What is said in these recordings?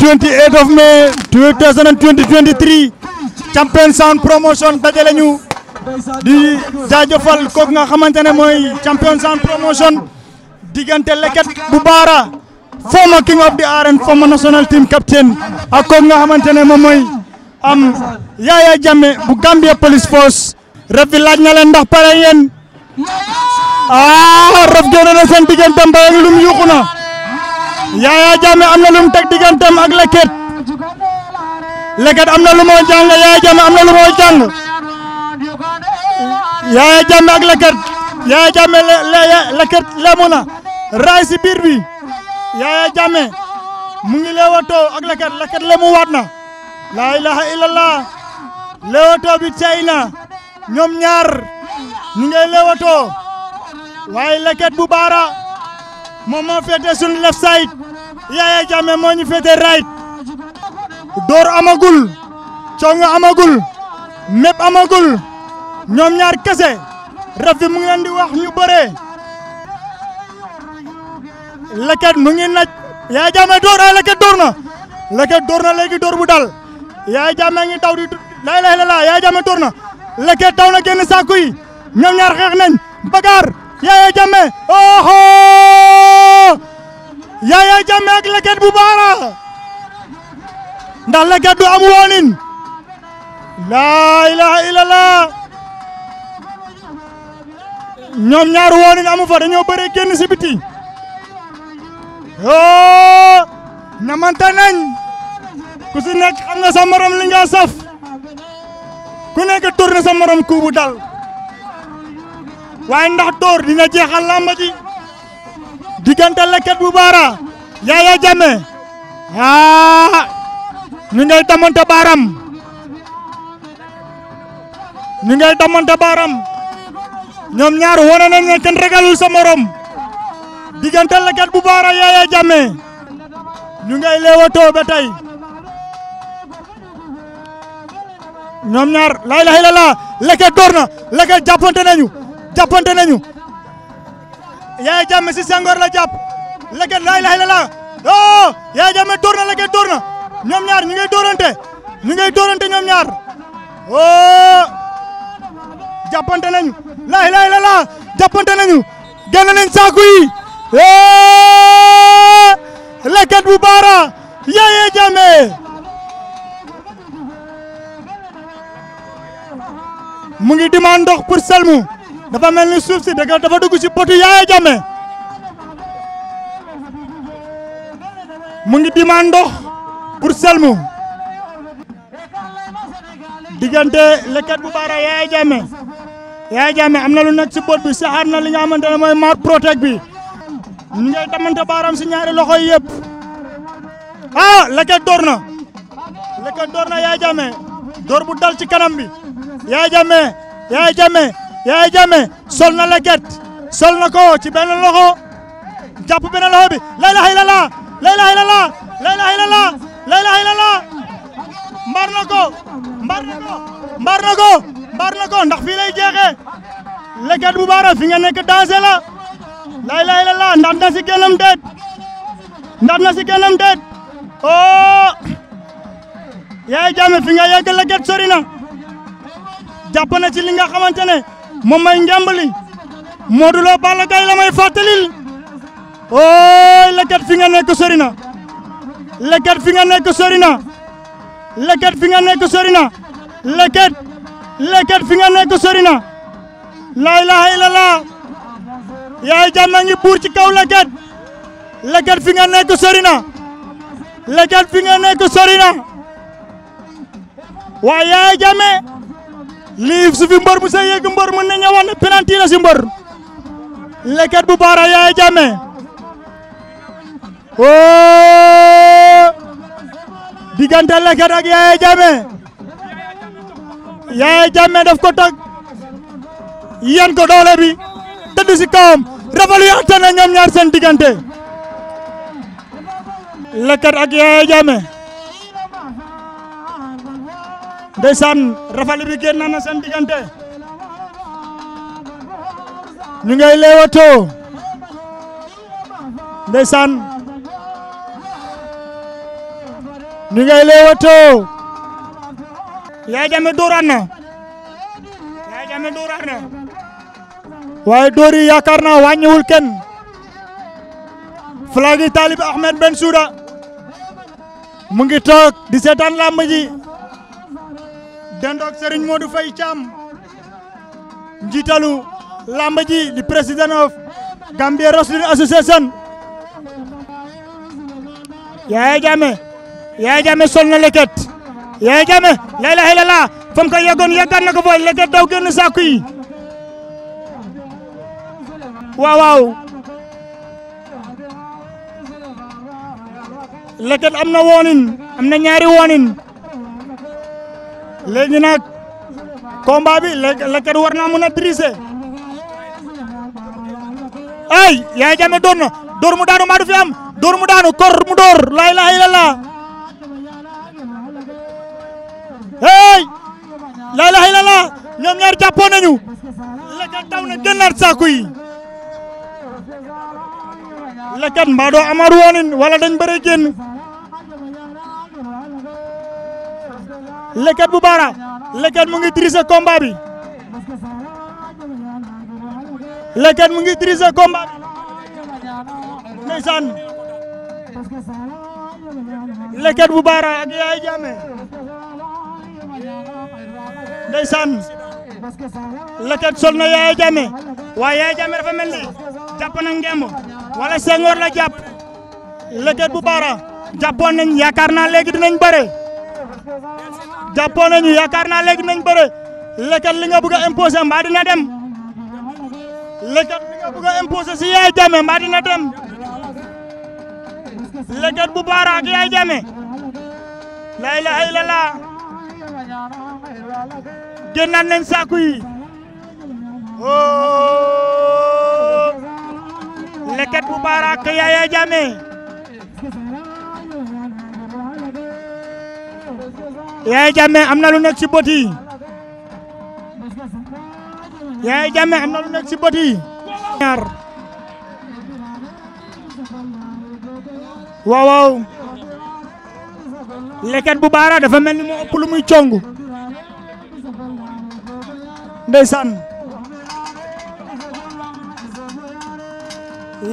28 of May 2023 Champion Sound Promotion dajale ñu di jaajëfal kooku nga xamante ne mooy Champion Sound Promotion diggante leket bu baara former king of the arène former national team captain ak kooku nga xamante ne moom mooy am Yaya Jammeh bu Gambia Police Force ref bi laaj na ndax pare yéen ah ref génn na seen diggante lum yuuxu na Yaya Jammeh am na lu mu teg digganteem ak Leket Leket am na lu moo jàng Yaya Jammeh am na lu moo jàng Yaya Jammeh ak Leket Yaya Jammeh Leket lemu na raay si biir bi Yaya mu ngi leewatoo ak Leket Leket lemu waat na laa ilaha illallah leewatoo bi tey na ñoom ñaar ñu ngay leewatoo waaye Leket bu baara moom moo féete suñu left side Yaya Jammeh moo ñu féete right door amagul congo amagul mépp amagul ñoom ñaar kese Rafi mu ngi leen di wax ñu bëree leket mu ngi naj Yaya Jammeh door ay leket door na leket door na léegi door bu dal Yaya Jammeh ngi daw di laa ilaaha illallaah Yaya Jammeh door na leket daw na génn sàkku yi ñoom ñaar xeex nañ bagaar Yaya Jammeh oho oh Yaya Jammeh ak Leket bu Baara ndax Leket du am woonin laa ilaha illallah ñoom ñaar woonin amu fa dañoo bëre génn si biti yoo ñamante nañ ku si nekk nga sa morom li nga saf ku nekk tourné sa morom kuubu dal waaye ndax door dina jeexal làmb diggante Leket bu Baara Yaya Jammeh aa ah, ñu ngay damante baaram ñu ngay damante baaram ñoom ñaar wane nañ ne kenn ragalul sa morom diggante Leket bu Baara Yaya Jammeh ñoom ñaar laa ilaaha illallaah Leket door na Leket jàppante nañu jàppante Yaya Jammeh si Senghor la jàpp Leket laa ilaaha illallaah oh Yaya Jammeh dóor na Leket dóor na ñoom ñaar ñu ngay dóorante ñu ngay dóorante ñoom ñaar oh jàppante nañu laa ilaaha illallaah jàppante nañu génn nañ saako yi eh Leket bu Baara Yaya Jammeh mu ngi demande ndox pour Selmou. dafa mel ni suuf si daga dafa dugg si potu Yaya Jammeh mu ngi dimaan ndox pour selmu Leket bu Baara Yaya Jammeh Yaya Jammeh am na lu nekk ci bot bi saxaar na li nga xamante mooy mar protect bi ñu ngay damante baaram si ñaari loxo yëpp ah Leket door na Leket door na Yaya Jammeh door bu dal ci kanam bi Yaya Jammeh Yaya Jammeh Yaya Jammeh sol na leket sol na ko ci benn loxo jàpp benn loxo bi la ilaha illallah la ilaha illallah la ilaha illallah la ilaha illallah na ko mbar na ko mbar na ko ndax fii lay leket bu baara fi nga nekk dansé la la na si gënam déet ndax na si gënam déet oh Yaya Jammeh fi nga yegg leket sori na na ci li nga xamante ne moom may njàmbali Modou Lo Balla Gaye la may fàttalil ooy leket fi nga nekk sori na leket fi nga nekk sori na leket fi nga nekk sori na leket leket fi nga nekk sori na laa ilaaha illallah yaay jàmm ngi buur ci kaw leket leket fi nga nekk sori na leket fi nga nekk sori na waaye yaay jàmme liif su fi mbër mu sa yegg mbër mën nañu wax penalty la si mbër leket bu baara yaay jàmme oh diggante lekat ak yaay jàmme yaay jàmme daf ko tag yan ko doole bi tëdd si kawam rafalu yaate na ñoom ñaar seen diggante leket ak yaay ndeysaan rafale bi génn na seen diggante ñu ngay leewatoo ndeysaan ñu ngay leewatoo yaay jame dóoraat na jame dóoraat na waaye dóor yi yaakaar naa wàññiwul kenn flag yi Talib Ahmed Bensouda mu ngi toog di seetaan làmb ji dendoog Serigne Modou Faye Thiam njiitalu lamb ji di president of Gambia Wrestling Association Yaya Jammeh Yaya Jammeh sol na leket Yaya Jammeh la ilaha illallah fam ko yeggoon yeggaat na leket daw génn sàkku yi waaw leket am na woonin am na ñaari woonin léegi nag combat bi Leket war naa mën a ay Yaya Jammeh door na door mu daanu maa du fi am door mu daanu kor mu door laa ilaaha illallaah hey laa ñoom ñaar jàppoon nañu Leket taw na gànnaar saako Leket mbaa doo amaru woon wala dañ bëre génn. leket bu baara leket mu ngi triser combat bi leket mu ngi triser combat bi ndeysaan leket bu baara ak yaay jaame ndeysaan leket sol na yaay jaame waaye yaay jaame dafa mel ni jàpp na ngemb la jàpp leket bu baara jàppoon nañ yaakaar naa léegi dinañ bare jàppoo nañu yaakaar naa léegi nañ bëre Leket li nga bëgg a imposer mbaa dina dem Leket li nga bëgg a imposer si Yaya Jammeh mbaa dem Leket bu Baara ak Yaya Jammeh la ilaha illallah génnaat nañ oh. Leket bu Baara ak Yaya Jammeh Yaya Jammeh am na lu nekk ci bët yi Yaya am na lu nekk ci bët yi ñaar leket bu baara dafa mel ni moo ëpp lu muy cong ndeysaan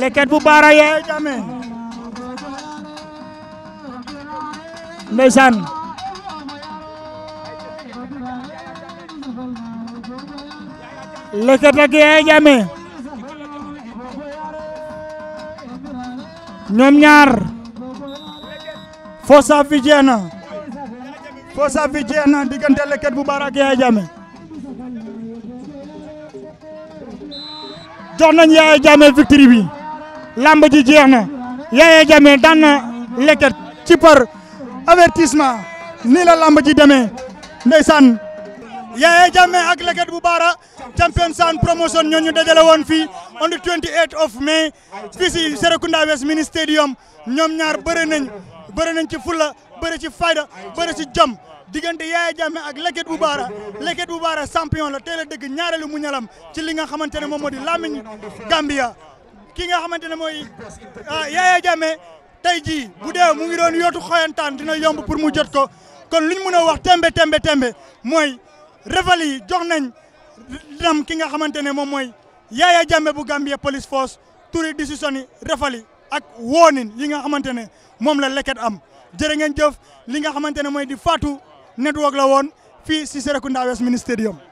leket bu baara Yaya Jammeh ndeysaan Leket ak Yaya Jammeh ñoom ñaar fosa fi jeex na fi jeex diggante Leket bu Baara ak Yaya Jammeh jox nañ Yaya Jammeh victoire bi lamb ji jeex na Yaya Jammeh Leket ci par nii la lamb ji demee ndeysaan Yaya Jammeh ak Leget bu Baara Champions and Promotion ñoo ñu dajale won fi on the 28 of May fii si Serekunda West Mini Stadium ñom ñaar beure nañ beure nañ ci fulla beure ci fayda beure ci jom digënde Yaya Jammeh ak Leget bu Baara Leget bu Baara champion la teel a dëgg mu ñalam ci li nga xamantene mom modi Lamine Gambia ki nga xamantene moy mooy ah, Yaya Jammeh tey jii bu dee mu ngi doon yotu xoyantane dina yomb pour mu jot ko kon luñ mëna wax tembe tembe tembe moy refal yi jox nañ ndam ki nga xamante ne moom mooy Yaya Jammeh bu Gambia Police Force turi décision yi refal yi ak woonin yi nga xamante ne moom la leket am jërë ngeen jëf li nga xamante ne mooy di Fatou Network la woon fii si Serekunda West Ministerium